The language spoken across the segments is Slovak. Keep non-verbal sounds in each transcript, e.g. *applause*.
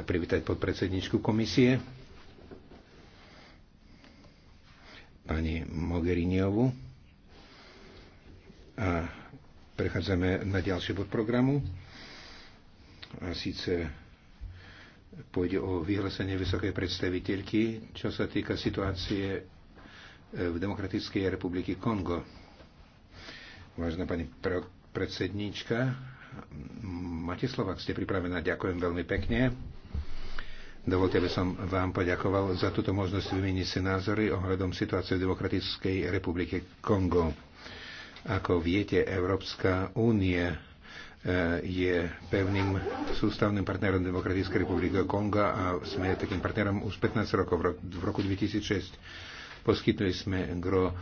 privítať podpredsedničku komisie, pani Mogheriniovu. A prechádzame na ďalší bod programu. A síce pôjde o vyhlásenie vysokej predstaviteľky, čo sa týka situácie e, v Demokratickej republiky Kongo. Vážená pani predsedníčka, máte slova, ste pripravená. Ďakujem veľmi pekne. Dovolte, aby som vám poďakoval za túto možnosť vymeniť si názory ohľadom situácie v Demokratickej republike Kongo. Ako viete, Európska únie e, je pevným sústavným partnerom Demokratickej republiky Konga a sme takým partnerom už 15 rokov. V roku 2006 poskytli sme gro e, e,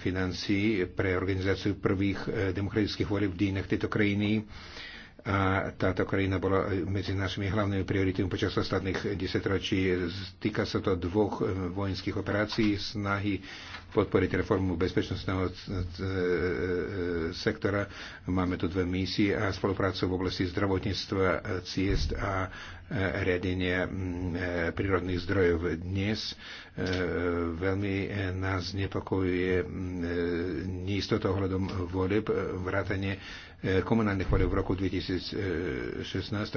financií pre organizáciu prvých demokratických volieb v dýnach tejto krajiny a táto krajina bola medzi našimi hlavnými prioritami počas ostatných desetročí. Týka sa to dvoch eh, vojenských operácií, snahy podporiť reformu bezpečnostného e, e, e, sektora. Máme tu dve misie a spoluprácu v oblasti zdravotníctva, ciest a riadenia prírodných zdrojov. Dnes veľmi nás nepokojuje neistota ohľadom voleb, vrátanie komunálnych voleb v roku 2016,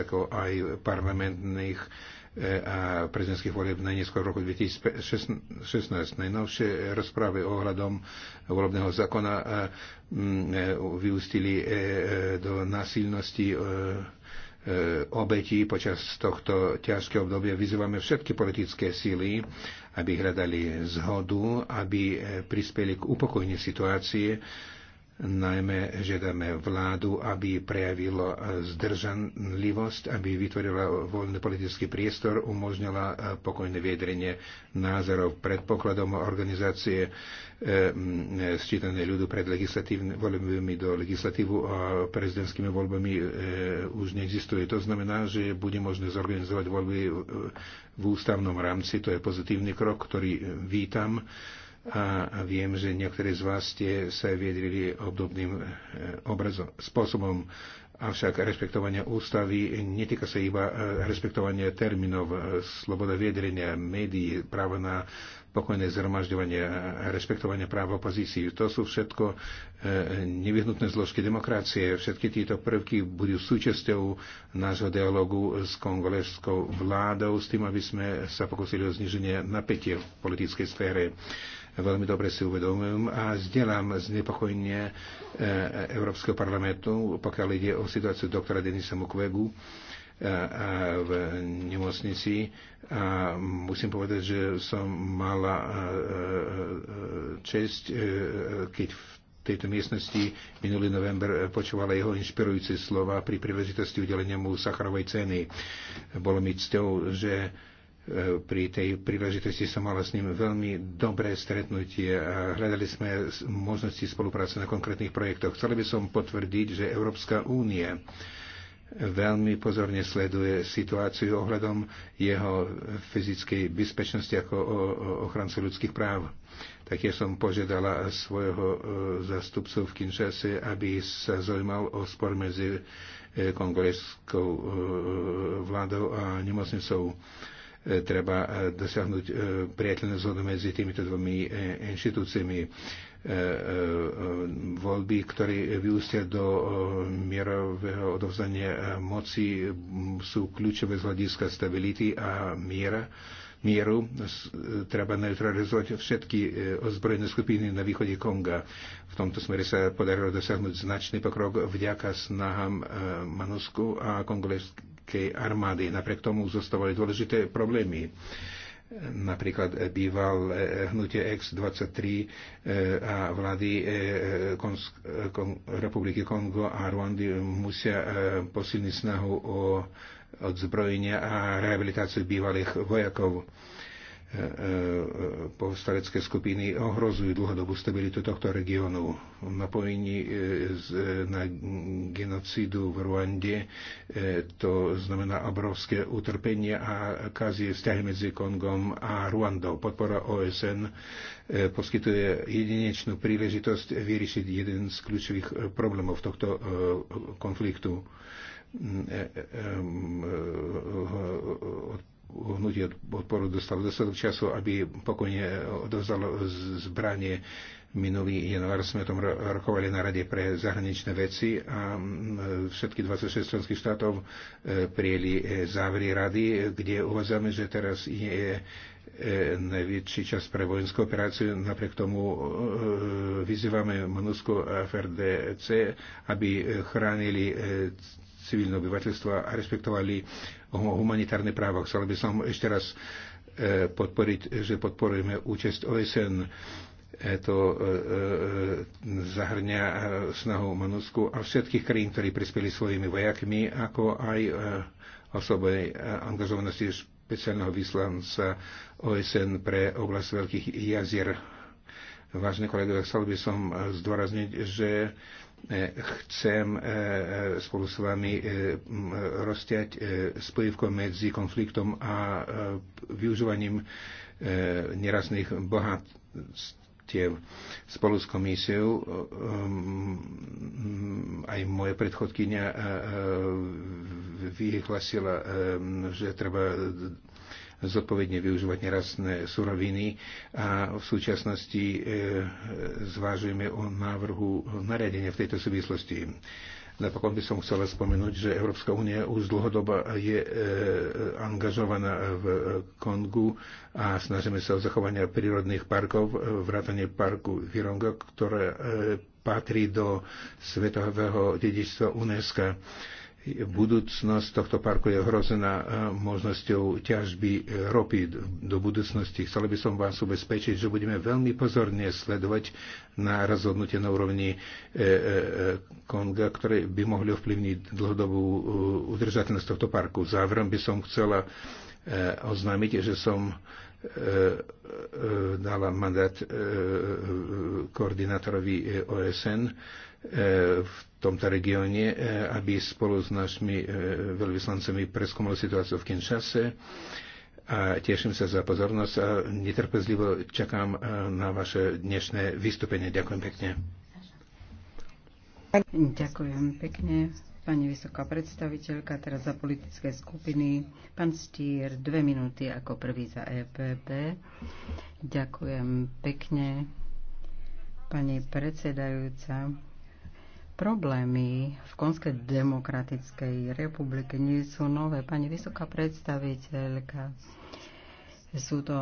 ako aj parlamentných E, a prezidentských volieb najneskôr v roku 2016. Najnovšie rozprávy ohľadom volebného zákona e, e, vyústili do násilnosti obetí počas tohto ťažkého obdobia. Vyzývame všetky politické síly, aby hľadali zhodu, aby prispeli k upokojení situácie Najmä žiadame vládu, aby prejavila zdržanlivosť, aby vytvorila voľný politický priestor, umožnila eh, pokojné viedrenie názorov predpokladom organizácie eh, sčítané ľudu pred voľbami do legislatívu a prezidentskými voľbami eh, už neexistuje. To znamená, že bude možné zorganizovať voľby v ústavnom rámci. To je pozitívny krok, ktorý vítam a viem, že niektorí z vás ste sa viedrili obdobným e, obrazom, spôsobom. Avšak rešpektovanie ústavy netýka sa iba e, rešpektovania termínov, e, sloboda viedrenia, médií, právo na pokojné zhromažďovanie, rešpektovanie práva opozícií. To sú všetko nevyhnutné zložky demokracie. Všetky tieto prvky budú súčasťou nášho dialogu s kongoleskou vládou s tým, aby sme sa pokusili o zniženie napätie v politickej sfére. Veľmi dobre si uvedomujem a zdieľam znepokojenie e, Európskeho parlamentu, pokiaľ ide o situáciu doktora Denisa Mukwegu e, v nemocnici a musím povedať, že som mala e, čest, keď v tejto miestnosti minulý november počúvala jeho inšpirujúce slova pri príležitosti udelenia mu Sacharovej ceny. Bolo mi cťou, že E, pri tej príležitosti som mala s ním veľmi dobré stretnutie a hľadali sme možnosti spolupráce na konkrétnych projektoch. Chcel by som potvrdiť, že Európska únie veľmi pozorne sleduje situáciu ohľadom jeho fyzickej bezpečnosti ako ochrance ľudských práv. Tak ja som požiadala svojho e, zastupcu v Kinshase, aby sa zaujímal o spor medzi e, kongoleskou vládou a nemocnicou. E, treba e, dosiahnuť e, priateľnú zhodu medzi týmito dvomi inštitúciami voľby, ktoré vyústia do mierového odovzdania moci, sú kľúčové z hľadiska stability a miera mieru treba neutralizovať všetky ozbrojené skupiny na východe Konga. V tomto smere sa podarilo dosiahnuť značný pokrok vďaka snahám Manusku a kongolejských irackej armády. Napriek tomu zostávali dôležité problémy. Napríklad býval eh, hnutie X-23 eh, a vlády eh, Republiky Kongo a Rwandy musia posilniť snahu o odzbrojenia a rehabilitáciu bývalých vojakov povstalecké skupiny ohrozujú dlhodobú stabilitu tohto regiónu. Napojení e, na genocídu v Ruande e, to znamená obrovské utrpenie a kazie vzťahy medzi Kongom a Ruandou. Podpora OSN e, poskytuje jedinečnú príležitosť vyriešiť jeden z kľúčových problémov tohto konfliktu hnutie odporu dostalo dostatok času, aby pokojne odovzdalo zbranie. Minulý január sme tom rokovali na Rade pre zahraničné veci a všetky 26 členských štátov e, prijeli e, závery rady, kde uvádzame, že teraz je e, najväčší čas pre vojenskú operáciu. Napriek tomu vyzývame MONUSCO a FRDC, aby chránili civilné obyvateľstvo a rešpektovali o humanitárne práva. Chcel by som ešte raz e, podporiť, že podporujeme účasť OSN. E, to e, zahrňa snahu Manusku a všetkých krajín, ktorí prispeli svojimi vojakmi, ako aj osobej angažovanosti špeciálneho vyslanca OSN pre oblasť Veľkých jazier. Vážne kolegovia, chcel by som zdôrazniť, že E, chcem e, e, spolu s vami rozťať spojivko medzi konfliktom a využívaním nerazných bohatstiev. Spolu s komisiou aj moje predchodkynia vyhlasila, že treba zodpovedne využívať nerastné suroviny a v súčasnosti e, zvážujeme o návrhu nariadenia v tejto súvislosti. Napokon by som chcela spomenúť, že Európska únia už dlhodobo je e, angažovaná v Kongu a snažíme sa o zachovanie prírodných parkov, e, vrátanie parku Vironga, ktoré e, patrí do svetového dedičstva UNESCO budúcnosť tohto parku je hrozená e, možnosťou ťažby ropy do budúcnosti. Chcel by som vás ubezpečiť, že budeme veľmi pozorne sledovať na rozhodnutie na úrovni e, e, Konga, ktoré by mohli ovplyvniť dlhodobú udržateľnosť tohto parku. Záverom by som chcela oznámiť, že som dala mandát koordinátorovi OSN E, v tomto regióne, e, aby spolu s našimi e, veľvyslancami preskúmali situáciu v Kinshase. A teším sa za pozornosť a netrpezlivo čakám na vaše dnešné vystúpenie. Ďakujem pekne. Ďakujem pekne, pani vysoká predstaviteľka, teraz za politické skupiny. Pán Stier, dve minúty ako prvý za EPP. Ďakujem pekne, pani predsedajúca problémy v Konskej demokratickej republike nie sú nové. Pani vysoká predstaviteľka, sú to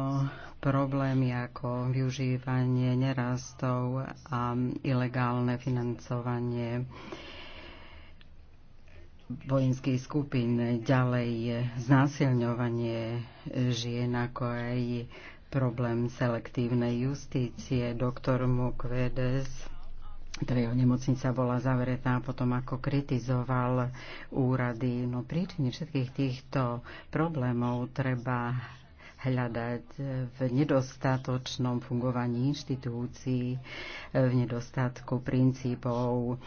problémy ako využívanie nerastov a ilegálne financovanie vojenských skupín, ďalej znásilňovanie žien, ako aj problém selektívnej justície. Doktor Mukvedes teda jeho nemocnica bola zavretá potom ako kritizoval úrady. No príčiny všetkých týchto problémov treba hľadať v nedostatočnom fungovaní inštitúcií, v nedostatku princípov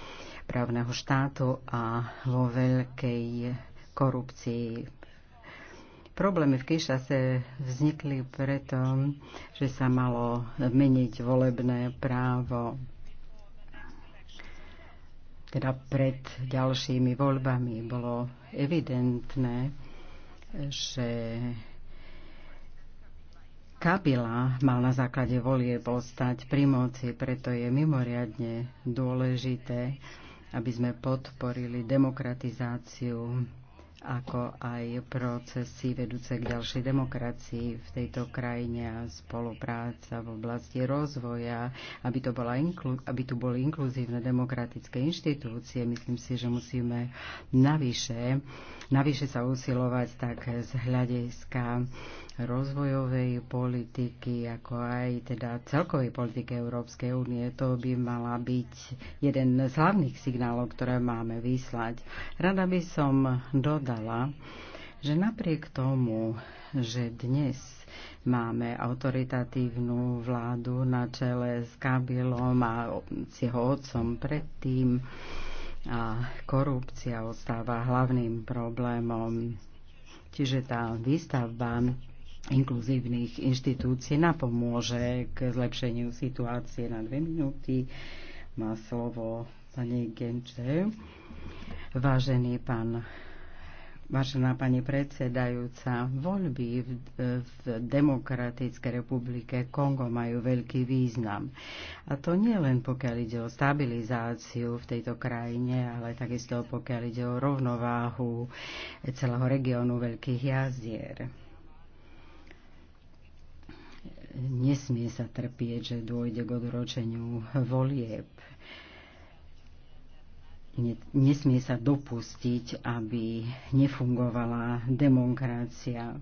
právneho štátu a vo veľkej korupcii. Problémy v Kišase vznikli preto, že sa malo meniť volebné právo teda pred ďalšími voľbami bolo evidentné, že Kabila mal na základe volie postať pri moci, preto je mimoriadne dôležité, aby sme podporili demokratizáciu ako aj procesy vedúce k ďalšej demokracii v tejto krajine a spolupráca v oblasti rozvoja, aby, to bola inklu- aby tu boli inkluzívne demokratické inštitúcie. Myslím si, že musíme navyše, navyše sa usilovať tak z hľadiska rozvojovej politiky, ako aj teda celkovej politiky Európskej únie. To by mala byť jeden z hlavných signálov, ktoré máme vyslať. Rada by som dodala, že napriek tomu, že dnes máme autoritatívnu vládu na čele s Kabilom a s jeho otcom predtým, a korupcia ostáva hlavným problémom Čiže tá výstavba inkluzívnych inštitúcií napomôže k zlepšeniu situácie na dve minúty. Má slovo pani Genče. Vážený pán Vážená pani predsedajúca, voľby v, v Demokratickej republike Kongo majú veľký význam. A to nie len pokiaľ ide o stabilizáciu v tejto krajine, ale takisto pokiaľ ide o rovnováhu celého regiónu Veľkých jazier nesmie sa trpieť, že dôjde k odročeniu volieb. Nesmie sa dopustiť, aby nefungovala demokracia.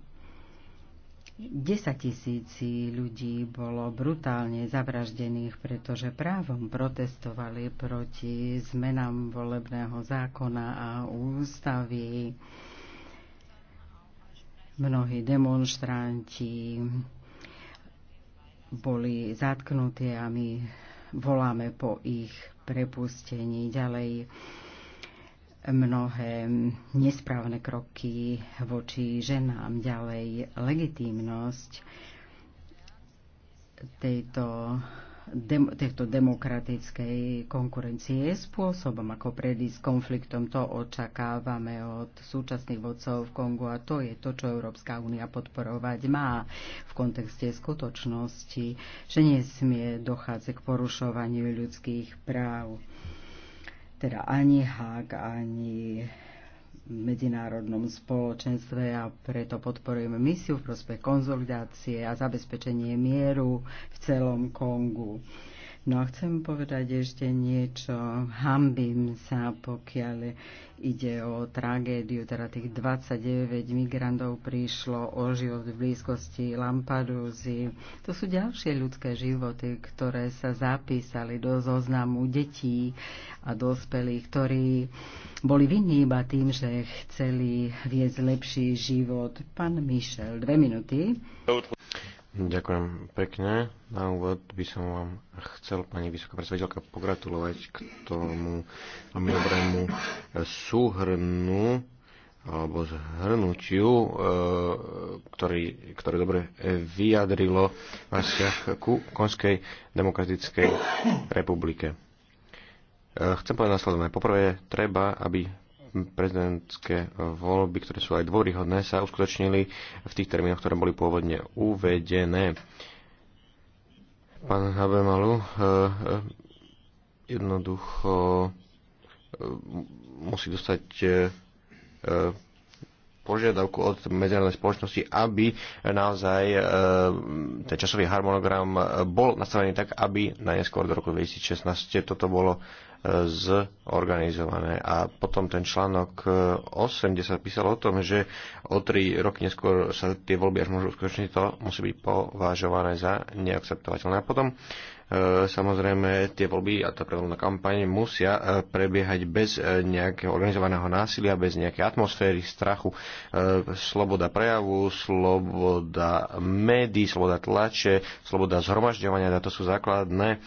10 tisíci ľudí bolo brutálne zavraždených, pretože právom protestovali proti zmenám volebného zákona a ústavy. Mnohí demonstranti boli zatknuté a my voláme po ich prepustení. Ďalej mnohé nesprávne kroky voči ženám, ďalej legitímnosť tejto dem- tejto demokratickej konkurencie spôsobom, ako predísť konfliktom. To očakávame od súčasných vodcov v Kongu a to je to, čo Európska únia podporovať má v kontexte skutočnosti, že nesmie dochádzať k porušovaniu ľudských práv. Teda ani Hák, ani medzinárodnom spoločenstve a preto podporujeme misiu v prospech konzolidácie a zabezpečenie mieru v celom Kongu. No a chcem povedať ešte niečo. Hambím sa, pokiaľ ide o tragédiu, teda tých 29 migrantov prišlo o život v blízkosti Lampadúzy. To sú ďalšie ľudské životy, ktoré sa zapísali do zoznamu detí a dospelých, ktorí boli vinní iba tým, že chceli viesť lepší život. Pán Mišel, dve minúty. Ďakujem pekne. Na úvod by som vám chcel, pani vysoká predstaviteľka, pogratulovať k tomu veľmi dobrému súhrnu alebo zhrnutiu, e, ktorý, ktoré dobre vyjadrilo váš vzťah ku Konskej demokratickej republike. E, chcem povedať následovné. Poprvé, treba, aby prezidentské voľby, ktoré sú aj dvoryhodné, sa uskutočnili v tých termínoch, ktoré boli pôvodne uvedené. Pán Habemalu, eh, eh, jednoducho eh, musí dostať požiadavku od medzinárodnej spoločnosti, aby naozaj e, ten časový harmonogram e, bol nastavený tak, aby najskôr do roku 2016 toto bolo e, zorganizované. A potom ten článok 8, kde sa písalo o tom, že o tri roky neskôr sa tie voľby až môžu uskutočniť, to musí byť považované za neakceptovateľné. A potom E, samozrejme, tie voľby a tá predvoľná kampaň musia e, prebiehať bez e, nejakého organizovaného násilia, bez nejakej atmosféry, strachu. Sloboda prejavu, sloboda médií, sloboda tlače, sloboda zhromažďovania, na to sú základné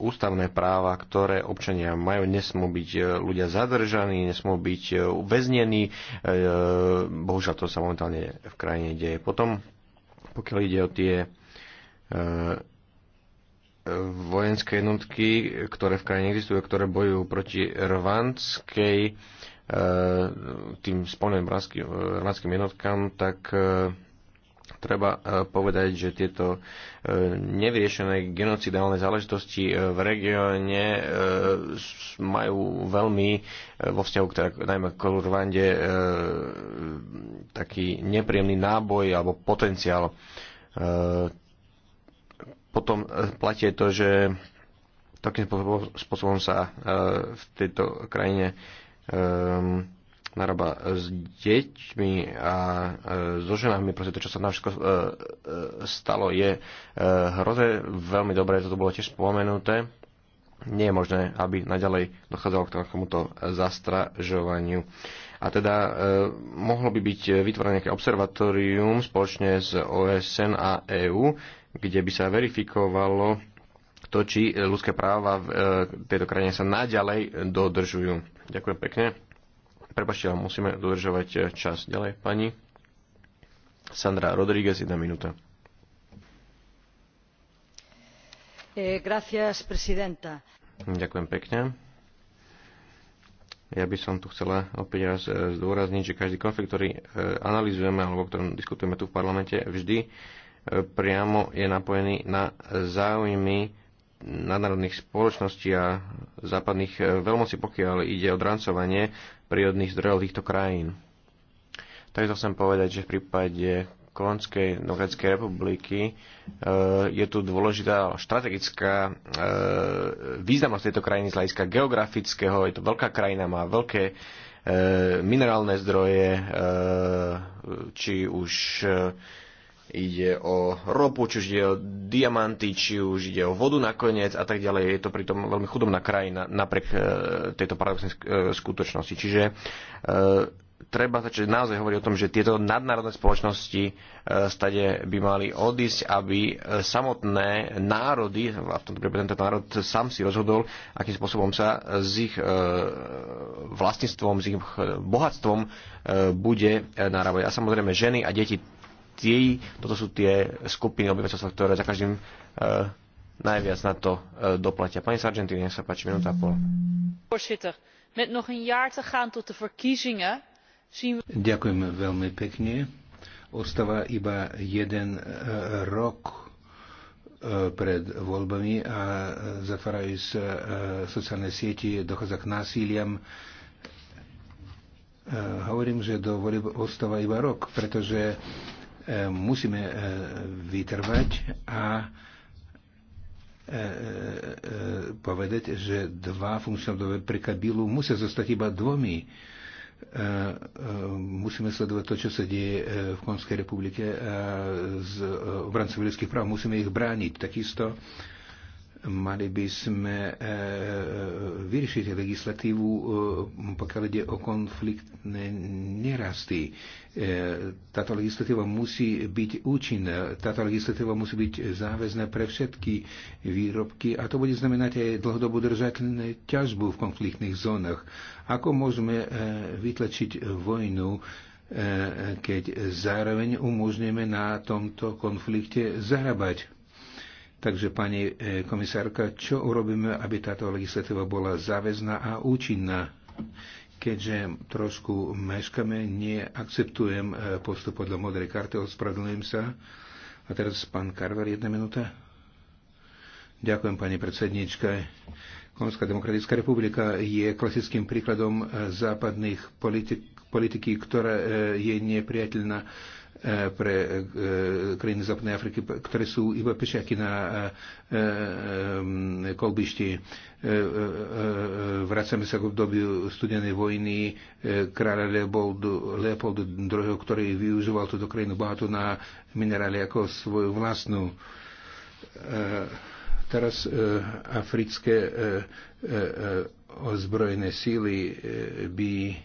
ústavné práva, ktoré občania majú. Nesmú byť ľudia zadržaní, nesmú byť uväznení. Bohužiaľ to sa momentálne v krajine deje. Potom, pokiaľ ide o tie vojenské jednotky, ktoré v krajine existujú, ktoré bojujú proti rvanskej e, tým spomeným rvanským jednotkám, tak e, treba e, povedať, že tieto nevyriešené genocidálne záležitosti v regióne majú veľmi vo vzťahu k najmä k Rwande taký nepríjemný náboj alebo potenciál potom e, platí to, že takým spôsobom sa e, v tejto krajine e, narába s deťmi a so ženami, proste to, čo sa nám všetko stalo, je hroze. Veľmi dobré, toto bolo tiež spomenuté. Nie je možné, aby naďalej dochádzalo k takomuto zastražovaniu. A teda e, mohlo by byť vytvorené nejaké observatórium spoločne s OSN a EÚ, kde by sa verifikovalo to, či ľudské práva v e, tejto krajine sa naďalej dodržujú. Ďakujem pekne. Prepašte, ale musíme dodržovať čas. Ďalej, pani Sandra Rodríguez, jedna minúta. E, gracias, presidenta. Ďakujem pekne. Ja by som tu chcela opäť raz e, zdôrazniť, že každý konflikt, ktorý analizujeme alebo o ktorom diskutujeme tu v parlamente, vždy priamo je napojený na záujmy nadnárodných spoločností a západných veľmocí, pokiaľ ide o drancovanie prírodných zdrojov týchto krajín. Takisto chcem povedať, že v prípade Konskej Demokratickej republiky e, je tu dôležitá strategická e, významnosť tejto krajiny z hľadiska geografického. Je to veľká krajina, má veľké e, minerálne zdroje, či už ide o ropu, či už ide o diamanty, či už ide o vodu nakoniec a tak ďalej. Je to pritom veľmi chudobná krajina napriek e, tejto paradoxnej e, skutočnosti. Čiže e, treba začať naozaj hovoriť o tom, že tieto nadnárodné spoločnosti e, stade by mali odísť, aby e, samotné národy, v tomto prípade tento národ sám si rozhodol, akým spôsobom sa s ich e, vlastníctvom, s ich bohatstvom e, bude e, narábať. A samozrejme ženy a deti tí, toto sú tie skupiny obyvateľstva, ktoré za každým e, najviac na to e, doplatia. Pani Sargentini, nech sa páči, minúta a pol. Ďakujem veľmi pekne. Ostáva iba jeden e, rok e, pred voľbami a e, zatvárajú sa e, sociálne sieti, dochádza k násiliam. Hovorím, že do voľby ostáva iba rok, pretože E, musíme e, vytrvať a e, povedať, že dva funkčné obdobia pre Kabilu musia zostať iba dvomi. Musíme sledovať to, čo sa deje v Konskej republike a z obrancov ľudských práv. Musíme ich brániť. Takisto Mali by sme e, e, vyriešiť legislatívu, e, pokiaľ ide o konfliktné nerasty. Táto legislatíva musí byť účinná, táto legislatíva musí byť záväzná pre všetky výrobky a to bude znamenať aj dlhodobú držateľnú ťažbu v konfliktných zónach. Ako môžeme vytlačiť vojnu, keď zároveň umožníme na tomto konflikte zarábať? Takže, pani e, komisárka, čo urobíme, aby táto legislatíva bola záväzná a účinná? Keďže trošku meškame, neakceptujem e, postup podľa modrej karty, ospravedlňujem sa. A teraz pán Karver, jedna minúta. Ďakujem, pani predsednička. Konská demokratická republika je klasickým príkladom eh, západných politik, politiky, ktorá eh, je nepriateľná eh, pre krajiny Západnej Afriky, ktoré sú iba pešiaky na kolbišti. Vracame sa k obdobiu studenej vojny kráľa Leopoldu, Leopoldu II, ktorý využíval túto krajinu bohatú na minerály ako svoju vlastnú Teraz e, africké e, e, ozbrojené síly by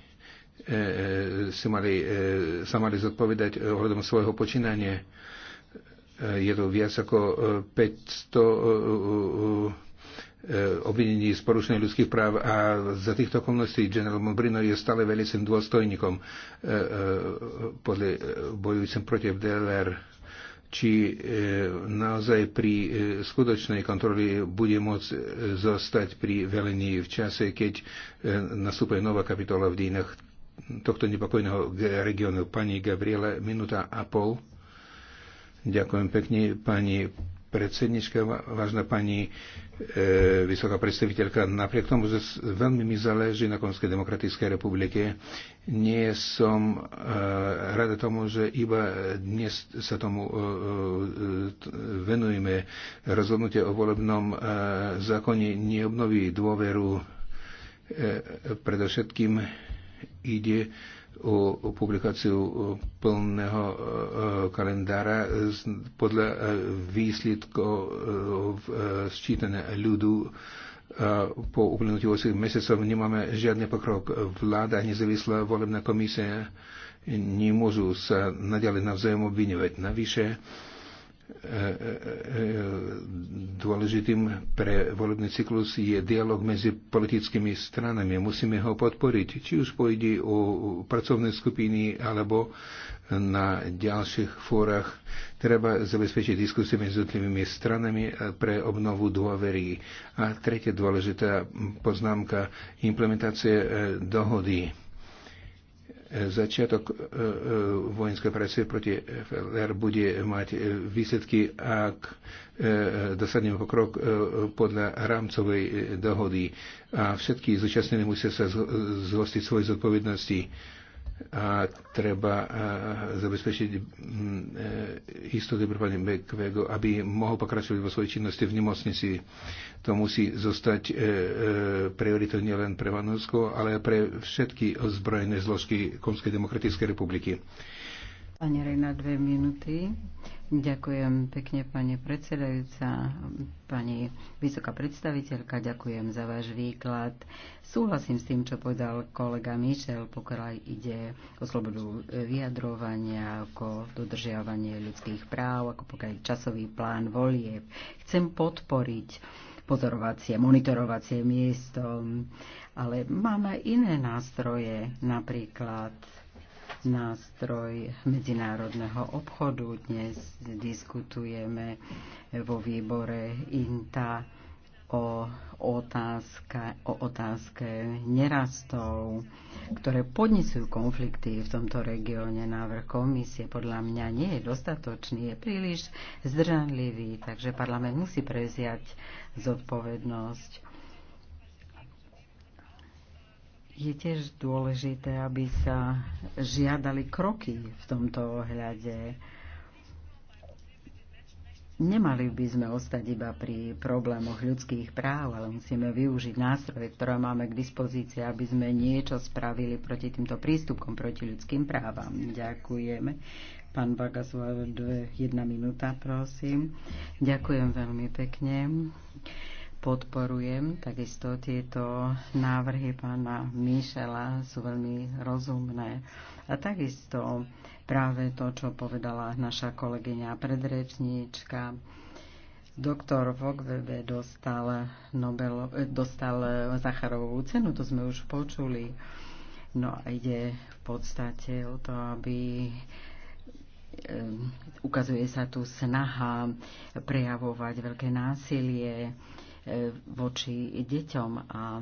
si mali, sa mali zodpovedať ohľadom svojho počínania. Je to viac ako 500 obvinení z porušenia ľudských práv a za týchto okolností General Mobrino je stále veľkým dôstojníkom podľa bojujúcim proti FDLR či e, naozaj pri e, skutočnej kontroli bude môcť e, zostať pri velení v čase, keď nastúpe nová kapitola v dýnach tohto nepokojného regiónu. Pani Gabriele, minúta a pol. Ďakujem pekne, pani predsednička, vážna pani e, vysoká predstaviteľka, napriek tomu, že veľmi mi záleží na Konskej demokratickej republike, nie som e, rada tomu, že iba dnes sa tomu e, e, venujeme. Rozhodnutie o volebnom e, zákone neobnoví dôveru. E, predovšetkým ide o publikáciu plného e, e, kalendára podľa e, výsledkov sčítania ľudu po uplynutí 8 mesiacov nemáme žiadny pokrok. Vláda a nezávislá volebná komisia nemôžu sa nadalej navzájom obviňovať. Navyše, dôležitým pre volebný cyklus je dialog medzi politickými stranami. Musíme ho podporiť, či už pôjde o pracovné skupiny alebo na ďalších fórach. Treba zabezpečiť diskusie medzi jednotlivými stranami pre obnovu dôvery. A tretia dôležitá poznámka, implementácia eh, dohody Začiatok e, e, vojenskej operácie proti FLR bude mať e, výsledky, ak dosadneme pokrok podľa rámcovej dohody a všetky zúčastnené musia sa zhostiť svojej zodpovednosti a treba zabezpečiť e, istoty pre pani Bekvego, aby mohol pokračovať vo svojej činnosti v nemocnici. To musí zostať e, e, prioritou nielen pre Vanovsko, ale aj pre všetky ozbrojené zložky Konskej demokratickej republiky. Pani Rejna, dve minúty. Ďakujem pekne, pani predsedajúca, pani vysoká predstaviteľka, ďakujem za váš výklad. Súhlasím s tým, čo povedal kolega Michel, pokiaľ ide o slobodu vyjadrovania, ako dodržiavanie ľudských práv, ako pokiaľ časový plán volieb. Chcem podporiť pozorovacie, monitorovacie miesto, ale máme iné nástroje, napríklad nástroj medzinárodného obchodu. Dnes diskutujeme vo výbore INTA o, otázke, o otázke nerastov, ktoré podnesujú konflikty v tomto regióne. Návrh komisie podľa mňa nie je dostatočný, je príliš zdržanlivý, takže parlament musí preziať zodpovednosť je tiež dôležité, aby sa žiadali kroky v tomto ohľade. Nemali by sme ostať iba pri problémoch ľudských práv, ale musíme využiť nástroje, ktoré máme k dispozícii, aby sme niečo spravili proti týmto prístupkom, proti ľudským právam. Ďakujeme. Pán Bagasov, jedna minúta, prosím. Ďakujem veľmi pekne podporujem. Takisto tieto návrhy pána Mišela sú veľmi rozumné. A takisto práve to, čo povedala naša kolegyňa predrečníčka, Doktor Vogvebe dostal, Nobel, eh, dostal Zacharovú cenu, to sme už počuli. No a ide v podstate o to, aby eh, ukazuje sa tu snaha prejavovať veľké násilie voči deťom a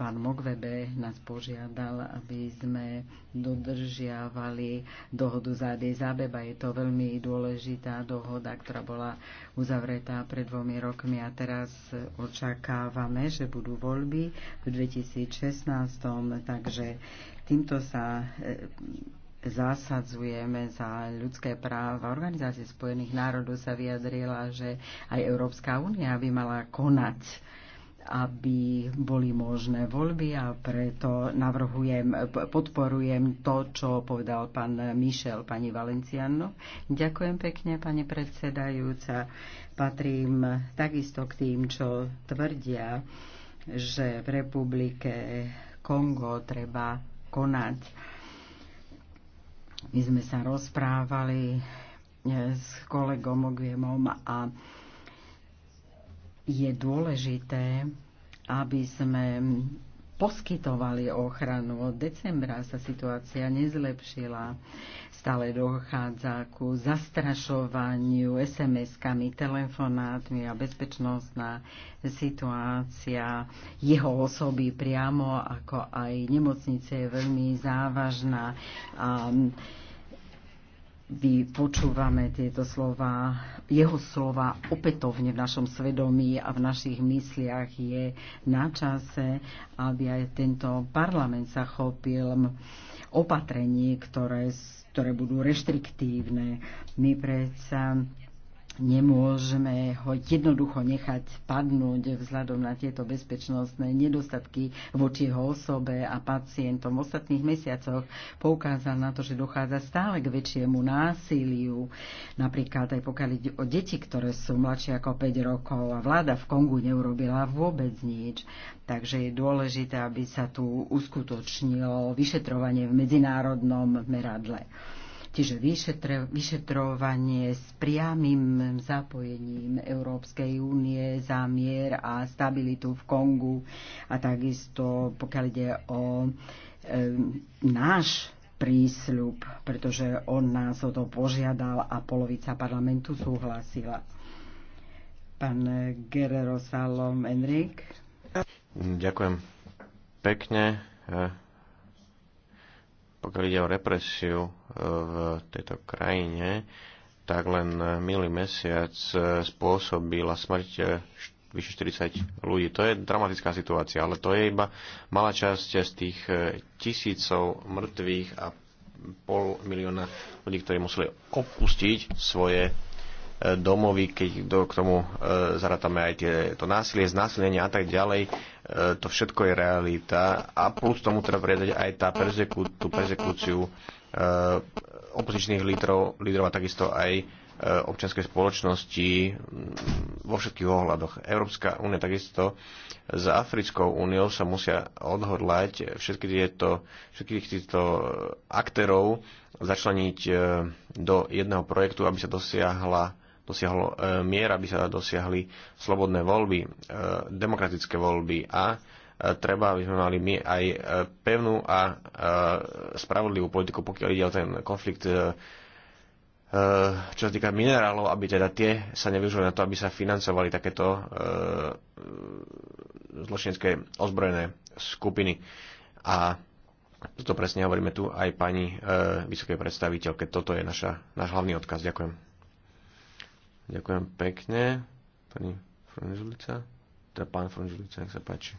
pán Mokvebe nás požiadal, aby sme dodržiavali dohodu za Addis Abeba. Je to veľmi dôležitá dohoda, ktorá bola uzavretá pred dvomi rokmi a teraz očakávame, že budú voľby v 2016, takže týmto sa zasadzujeme za ľudské práva. Organizácie Spojených národov sa vyjadrila, že aj Európska únia by mala konať aby boli možné voľby a preto navrhujem, podporujem to, čo povedal pán Mišel, pani Valenciano. Ďakujem pekne, pani predsedajúca. Patrím takisto k tým, čo tvrdia, že v republike Kongo treba konať my sme sa rozprávali e, s kolegom Ogiemom a je dôležité, aby sme poskytovali ochranu. Od decembra sa situácia nezlepšila. Stále dochádza ku zastrašovaniu SMS-kami, telefonátmi a bezpečnostná situácia jeho osoby priamo, ako aj nemocnice je veľmi závažná. A, vypočúvame tieto slova, jeho slova opätovne v našom svedomí a v našich mysliach je na čase, aby aj tento parlament sa chopil opatrení, ktoré, ktoré budú reštriktívne. My predsa nemôžeme ho jednoducho nechať padnúť vzhľadom na tieto bezpečnostné nedostatky voči jeho osobe a pacientom. V ostatných mesiacoch poukázal na to, že dochádza stále k väčšiemu násiliu, napríklad aj pokiaľ ide o deti, ktoré sú mladšie ako 5 rokov a vláda v Kongu neurobila vôbec nič. Takže je dôležité, aby sa tu uskutočnilo vyšetrovanie v medzinárodnom meradle. Čiže vyšetrovanie s priamým zapojením Európskej únie za mier a stabilitu v Kongu a takisto pokiaľ ide o e, náš prísľub, pretože on nás o to požiadal a polovica parlamentu súhlasila. Pán Guerrero Salom Enrik. Ďakujem pekne pokiaľ ide o represiu e, v tejto krajine, tak len milý mesiac e, spôsobila smrť e, vyše 40 ľudí. To je dramatická situácia, ale to je iba malá časť z tých tisícov mŕtvych a pol milióna ľudí, ktorí museli opustiť svoje domovy, keď do, k tomu e, zarátame aj tie, to násilie, znásilnenie a tak ďalej, e, to všetko je realita a plus tomu treba pridať aj tá perzeku, tú e, opozičných lídrov, lídrov a takisto aj e, občianskej spoločnosti mm, vo všetkých ohľadoch. Európska únia takisto s Africkou úniou sa musia odhodlať všetky tieto, všetkých týchto aktérov začleniť do jedného projektu, aby sa dosiahla dosiahol e, mier, aby sa dosiahli slobodné voľby, e, demokratické voľby a e, treba, aby sme mali my aj pevnú a spravodlivú politiku, pokiaľ ide o ten konflikt čo sa týka minerálov, aby teda tie sa nevyužili na to, aby sa financovali takéto zločinecké ozbrojené skupiny. A toto presne hovoríme tu aj pani vysokej predstaviteľke. Toto je naša, náš hlavný odkaz. Ďakujem. Ďakujem pekne. Pani frunžulica. Teda pán Fronžulica, nech sa páči.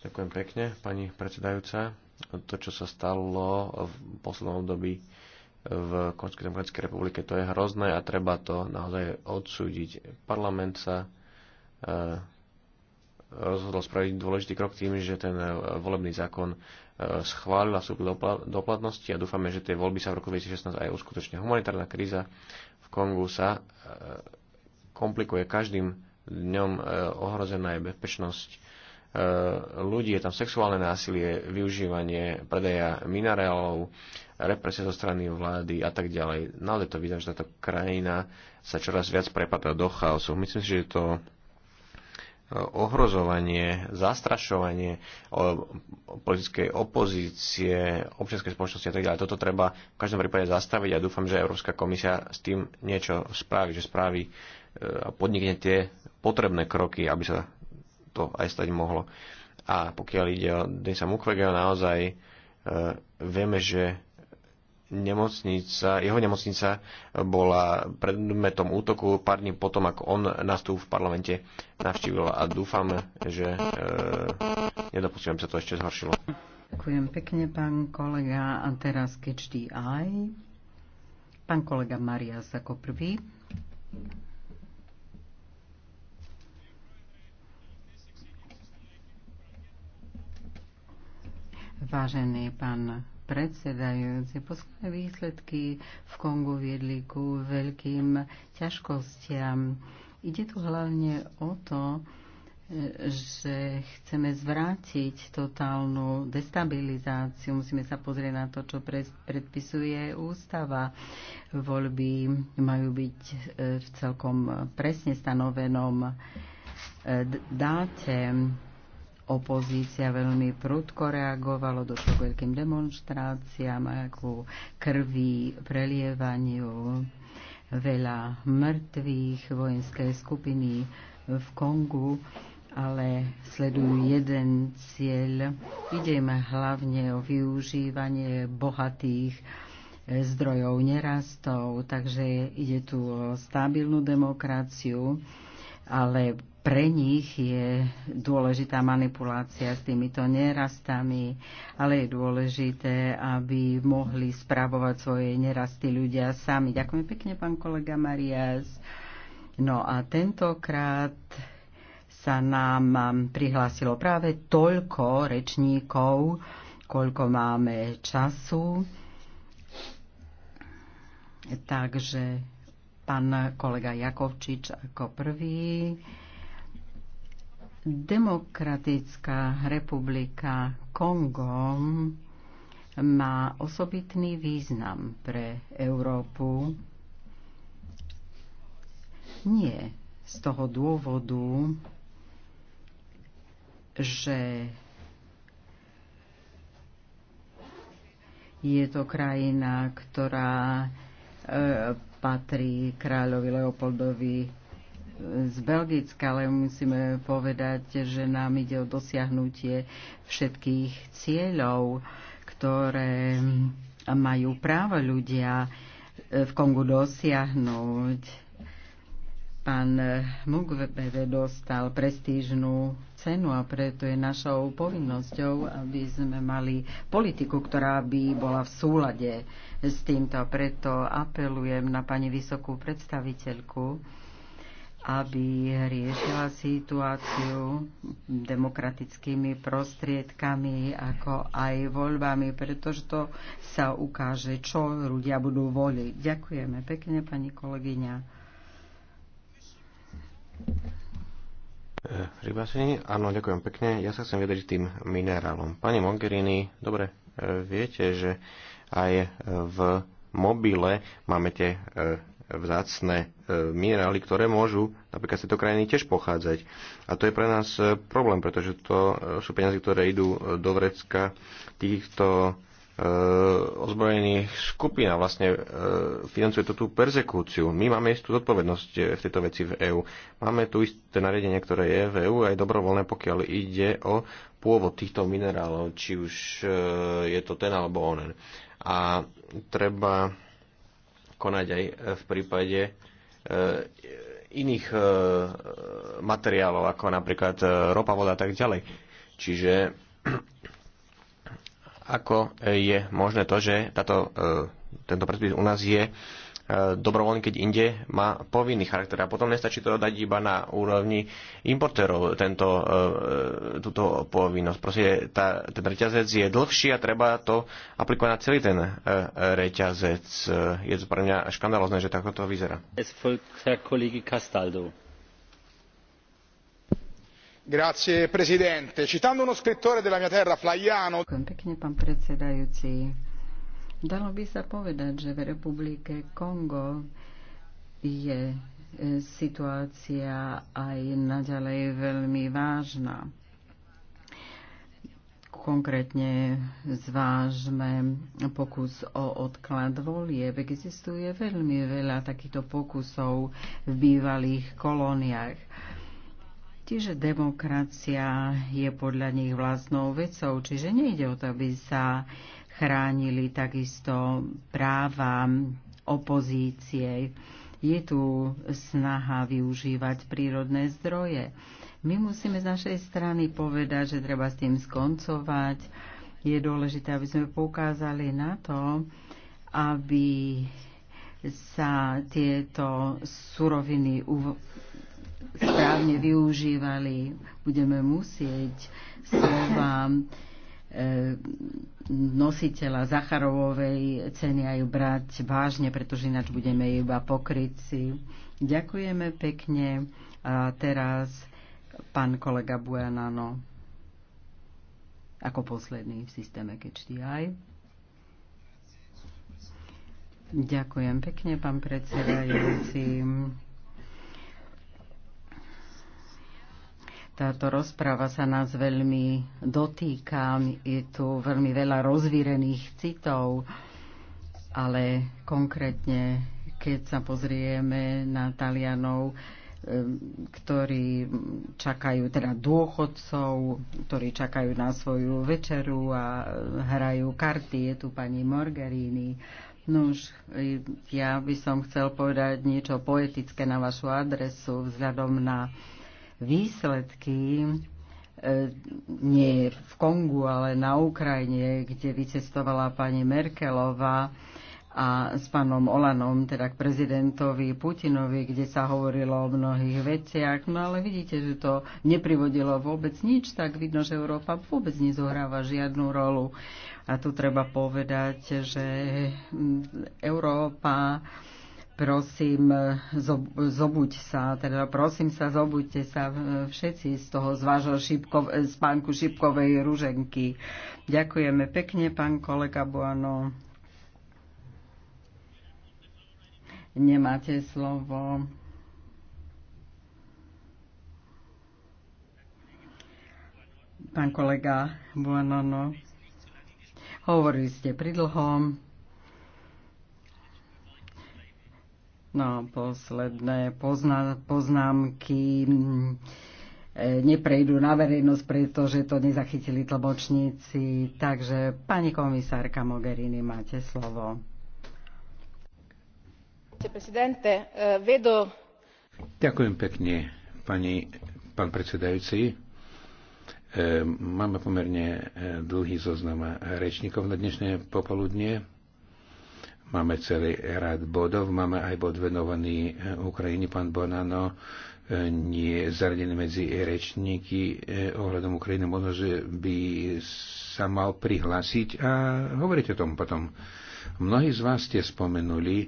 Ďakujem pekne, pani predsedajúca. To, čo sa stalo v poslednom období v Konskej demokratickej republike, to je hrozné a treba to naozaj odsúdiť. Parlament sa e, rozhodol spraviť dôležitý krok tým, že ten e, volebný zákon e, schválil a vstúpil do platnosti a dúfame, že tie voľby sa v roku 2016 aj uskutočne. Humanitárna kríza v Kongu sa e, komplikuje každým dňom, ohrozená je bezpečnosť ľudí, je tam sexuálne násilie, využívanie predaja minerálov, represie zo strany vlády a tak ďalej. Naozaj to vidím, že táto krajina sa čoraz viac prepadá do chaosu. Myslím si, že je to ohrozovanie, zastrašovanie politickej opozície, občianskej spoločnosti a tak ďalej. Toto treba v každom prípade zastaviť a dúfam, že Európska komisia s tým niečo spraví, že spraví e, a podnikne tie potrebné kroky, aby sa to aj stať mohlo. A pokiaľ ide o Denisa Mukwegeo, naozaj e, vieme, že nemocnica, jeho nemocnica bola predmetom útoku pár dní potom, ako on nás tu v parlamente navštívil a dúfam, že e, nedopustím, aby sa to ešte zhoršilo. Ďakujem pekne, pán kolega. A teraz kečtí aj. Pán kolega Marias ako prvý. Vážený pán predsedajúci. Posledné výsledky v Kongu viedli ku veľkým ťažkostiam. Ide tu hlavne o to, že chceme zvrátiť totálnu destabilizáciu. Musíme sa pozrieť na to, čo predpisuje ústava. Voľby majú byť e, v celkom presne stanovenom e, dáte opozícia veľmi prudko reagovalo, došlo k veľkým demonstráciám, ku krvi, prelievaniu, veľa mŕtvych vojenskej skupiny v Kongu, ale sledujú jeden cieľ. Ideme hlavne o využívanie bohatých zdrojov nerastov, takže ide tu o stabilnú demokraciu, ale pre nich je dôležitá manipulácia s týmito nerastami, ale je dôležité, aby mohli správovať svoje nerasty ľudia sami. Ďakujem pekne, pán kolega Marias. No a tentokrát sa nám prihlásilo práve toľko rečníkov, koľko máme času. Takže pán kolega Jakovčič ako prvý. Demokratická republika Kongo má osobitný význam pre Európu. Nie z toho dôvodu, že je to krajina, ktorá e, patrí kráľovi Leopoldovi z Belgicka, ale musíme povedať, že nám ide o dosiahnutie všetkých cieľov, ktoré majú práva ľudia v Kongu dosiahnuť. Pán Mugwebe dostal prestížnú cenu a preto je našou povinnosťou, aby sme mali politiku, ktorá by bola v súlade s týmto. Preto apelujem na pani vysokú predstaviteľku, aby riešila situáciu demokratickými prostriedkami, ako aj voľbami, pretože to sa ukáže, čo ľudia budú voliť. Ďakujeme pekne, pani kolegyňa. E, Rybasi, áno, ďakujem pekne. Ja sa chcem vedieť tým minerálom. Pani Mogherini, dobre, e, viete, že aj v mobile máme tie e, vzácne e, minerály, ktoré môžu napríklad z tejto krajiny tiež pochádzať. A to je pre nás e, problém, pretože to e, sú peniaze, ktoré idú do vrecka týchto ozbrojených skupín a vlastne financuje to tú persekúciu. My máme istú zodpovednosť v tejto veci v EÚ. Máme tu isté nariadenie, ktoré je v EÚ aj dobrovoľné, pokiaľ ide o pôvod týchto minerálov, či už je to ten alebo onen. A treba konať aj e, v prípade e, iných e, materiálov, ako napríklad ropa, voda a tak ďalej. Čiže *clears throat* ako je možné to, že táto, tento predpis u nás je E, dobrovoľný, keď inde má povinný charakter. A potom nestačí to dať iba na úrovni importérov, tento, e, túto povinnosť. Proste tá, ten reťazec je dlhší a treba to aplikovať na celý ten e, reťazec. Je to pre mňa škandalozné, že takto to vyzerá. Grazie Presidente. Citando uno scrittore della mia terra, Flaiano. Pekne, pán predsedajúci. Dalo by sa povedať, že v republike Kongo je e, situácia aj naďalej veľmi vážna. Konkrétne zvážme pokus o odklad volieb. Existuje veľmi veľa takýchto pokusov v bývalých kolóniách. Čiže demokracia je podľa nich vlastnou vecou, čiže nejde o to, aby sa chránili takisto práva opozície. Je tu snaha využívať prírodné zdroje. My musíme z našej strany povedať, že treba s tým skoncovať. Je dôležité, aby sme poukázali na to, aby sa tieto suroviny správne využívali. Budeme musieť slova E, nositeľa Zacharovovej ceny aj brať vážne, pretože ináč budeme iba si. Ďakujeme pekne. A teraz pán kolega Bujanano ako posledný v systéme KHDI. Ďakujem pekne, pán predsedajúci. Táto rozpráva sa nás veľmi dotýka, je tu veľmi veľa rozvírených citov, ale konkrétne, keď sa pozrieme na Talianov, ktorí čakajú, teda dôchodcov, ktorí čakajú na svoju večeru a hrajú karty. Je tu pani Morgarini, už, e, ja by som chcel povedať niečo poetické na vašu adresu vzhľadom na výsledky e, nie v Kongu, ale na Ukrajine, kde vycestovala pani Merkelová a s pánom Olanom, teda k prezidentovi Putinovi, kde sa hovorilo o mnohých veciach. No ale vidíte, že to neprivodilo vôbec nič, tak vidno, že Európa vôbec nezohráva žiadnu rolu. A tu treba povedať, že Európa prosím, zobuď sa, teda prosím sa, zobuďte sa e, všetci z toho z vášho šipko, e, spánku šipkovej ruženky. Ďakujeme pekne, pán kolega Buano. Nemáte slovo. Pán kolega no. hovorili ste pridlhom. No, posledné pozná, poznámky mm, e, neprejdú na verejnosť, pretože to nezachytili tlmočníci. Takže, pani komisárka Mogherini, máte slovo. E, Ďakujem pekne, pani, pán predsedajúci. E, máme pomerne dlhý zoznam rečníkov na dnešné popoludnie Máme celý rad bodov, máme aj bod venovaný eh, Ukrajine. Pán Bonano eh, nie je zaradený medzi rečníky eh, ohľadom Ukrajiny. Možno, že by sa mal prihlásiť a hovoriť o tom potom. Mnohí z vás ste spomenuli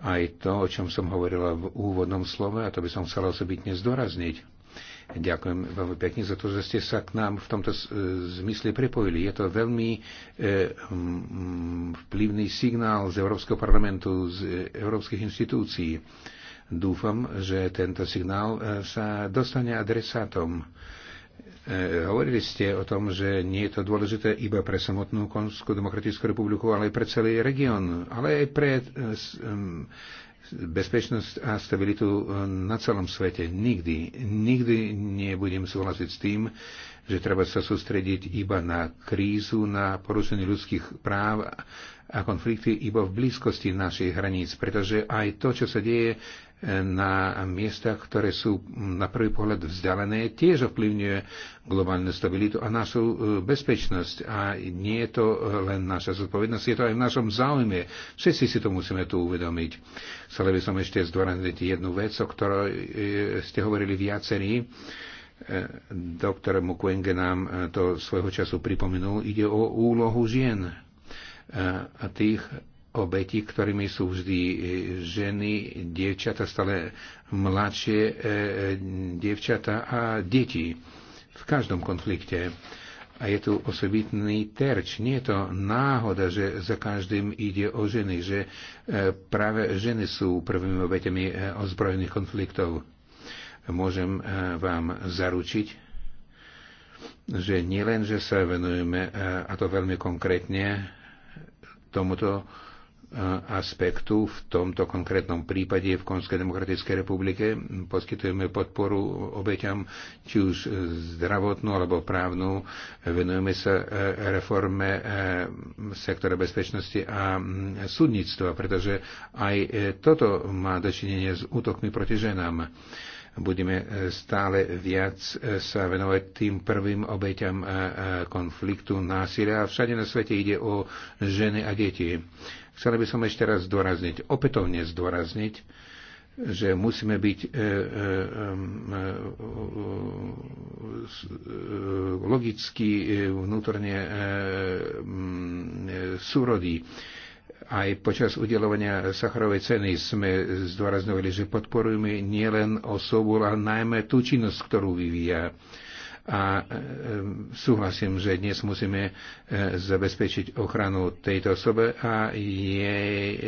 aj to, o čom som hovorila v úvodnom slove a to by som chcela osobitne zdôrazniť. Ďakujem veľmi pekne za to, že ste sa k nám v tomto e, zmysle pripojili. Je to veľmi e, vplyvný signál z Európskeho parlamentu, z európskych inštitúcií. Dúfam, že tento signál e, sa dostane adresátom. Hovorili ste o tom, že nie je to dôležité iba pre samotnú Konskú demokratickú republiku, ale aj pre celý región, ale aj pre bezpečnosť a stabilitu e, na celom svete. Nikdy, nikdy nebudem súhlasiť s tým, že treba sa sústrediť iba na krízu, na porušenie ľudských práv a konflikty iba v blízkosti našich hraníc, pretože aj to, čo sa deje e, na miestach, ktoré sú na prvý pohľad vzdialené, tiež ovplyvňuje globálnu stabilitu a našu e, bezpečnosť. A nie je to len naša zodpovednosť, je to aj v našom záujme. Všetci si to musíme tu uvedomiť. Chcel by som ešte zdôrazniť jednu vec, o ktorej e, ste hovorili viacerí doktor Mukwenge nám to svojho času pripomenul, ide o úlohu žien a tých obetí, ktorými sú vždy e, ženy, dievčata, stále mladšie e, e, dievčata a deti v každom konflikte. A je tu osobitný terč. Nie je to náhoda, že za každým ide o ženy, že práve ženy sú prvými obetami ozbrojených konfliktov. Môžem vám zaručiť, že nielen, že sa venujeme, a to veľmi konkrétne, tomuto e, aspektu v tomto konkrétnom prípade v Konskej demokratickej republike poskytujeme podporu obeťam, či už zdravotnú alebo právnu. Venujeme sa e, reforme e, sektora bezpečnosti a súdnictva, pretože aj toto má dočinenie s útokmi proti ženám budeme e, stále viac e, sa venovať tým prvým obeťam e, konfliktu, násilia. A všade na svete ide o ženy a deti. Chcel by som ešte raz zdôrazniť, opätovne zdôrazniť, že musíme byť e, e, e, logicky vnútorne e, e, súrodí. E, aj počas udelovania Sacharovej ceny sme zdôrazňovali, že podporujeme nielen osobu, ale najmä tú činnosť, ktorú vyvíja. A e, súhlasím, že dnes musíme e, zabezpečiť ochranu tejto osobe a jej e,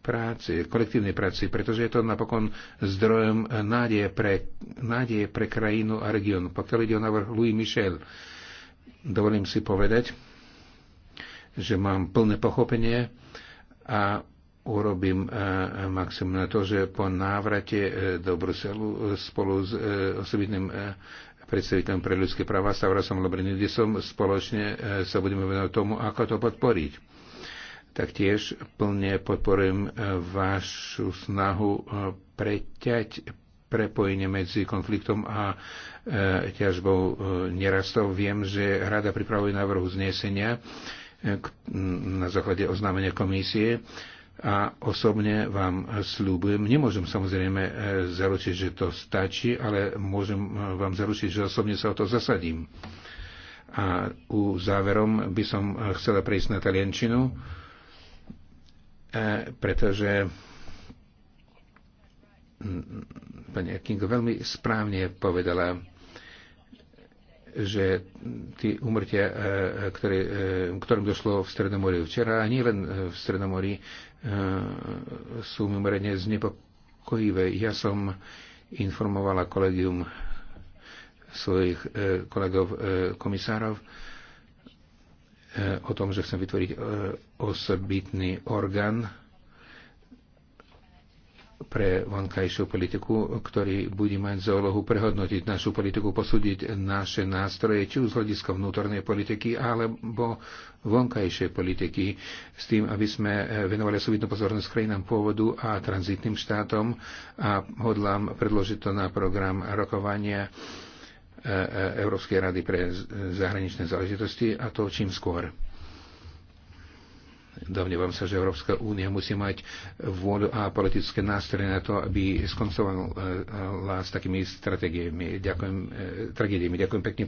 práci, kolektívnej práci, pretože je to napokon zdrojom nádeje pre, nádeje pre krajinu a región. Pokiaľ ide o návrh Louis Michel, dovolím si povedať, že mám plné pochopenie a urobím e, maximum na to, že po návrate e, do Bruselu e, spolu s osobitným predstaviteľom pre ľudské práva Stavrosom Lobrinidisom spoločne sa budeme venovať tomu, ako to podporiť. Taktiež plne podporujem vašu snahu preťať prepojenie medzi konfliktom a ťažbou nerastov. Viem, že rada pripravuje návrh uznesenia, na základe oznámenia komisie a osobne vám slúbujem, nemôžem samozrejme e, zaručiť, že to stačí, ale môžem e, vám zaručiť, že osobne sa o to zasadím. A u záverom by som e, chcela prejsť na taliančinu, pretože pani Kingo veľmi správne povedala, že tie umrtia, e, ktoré, e, ktorým došlo v Stredomorí včera, a nie len e, v Stredomorí, sú mimoriadne znepokojivé. Ja som informovala kolegium svojich kolegov komisárov o tom, že chcem vytvoriť osobitný orgán pre vonkajšiu politiku, ktorý bude mať za úlohu prehodnotiť našu politiku, posúdiť naše nástroje, či už z hľadiska vnútornej politiky, alebo vonkajšej politiky, s tým, aby sme venovali súvidnú pozornosť krajinám pôvodu a tranzitným štátom a hodlám predložiť to na program rokovania e, e, Európskej rady pre zahraničné záležitosti a to čím skôr. Domnievam sa, že Európska únia musí mať vôľu a politické nástroje na to, aby skoncovala s takými stratégiami. Ďakujem, eh, tragédiami. Ďakujem pekne.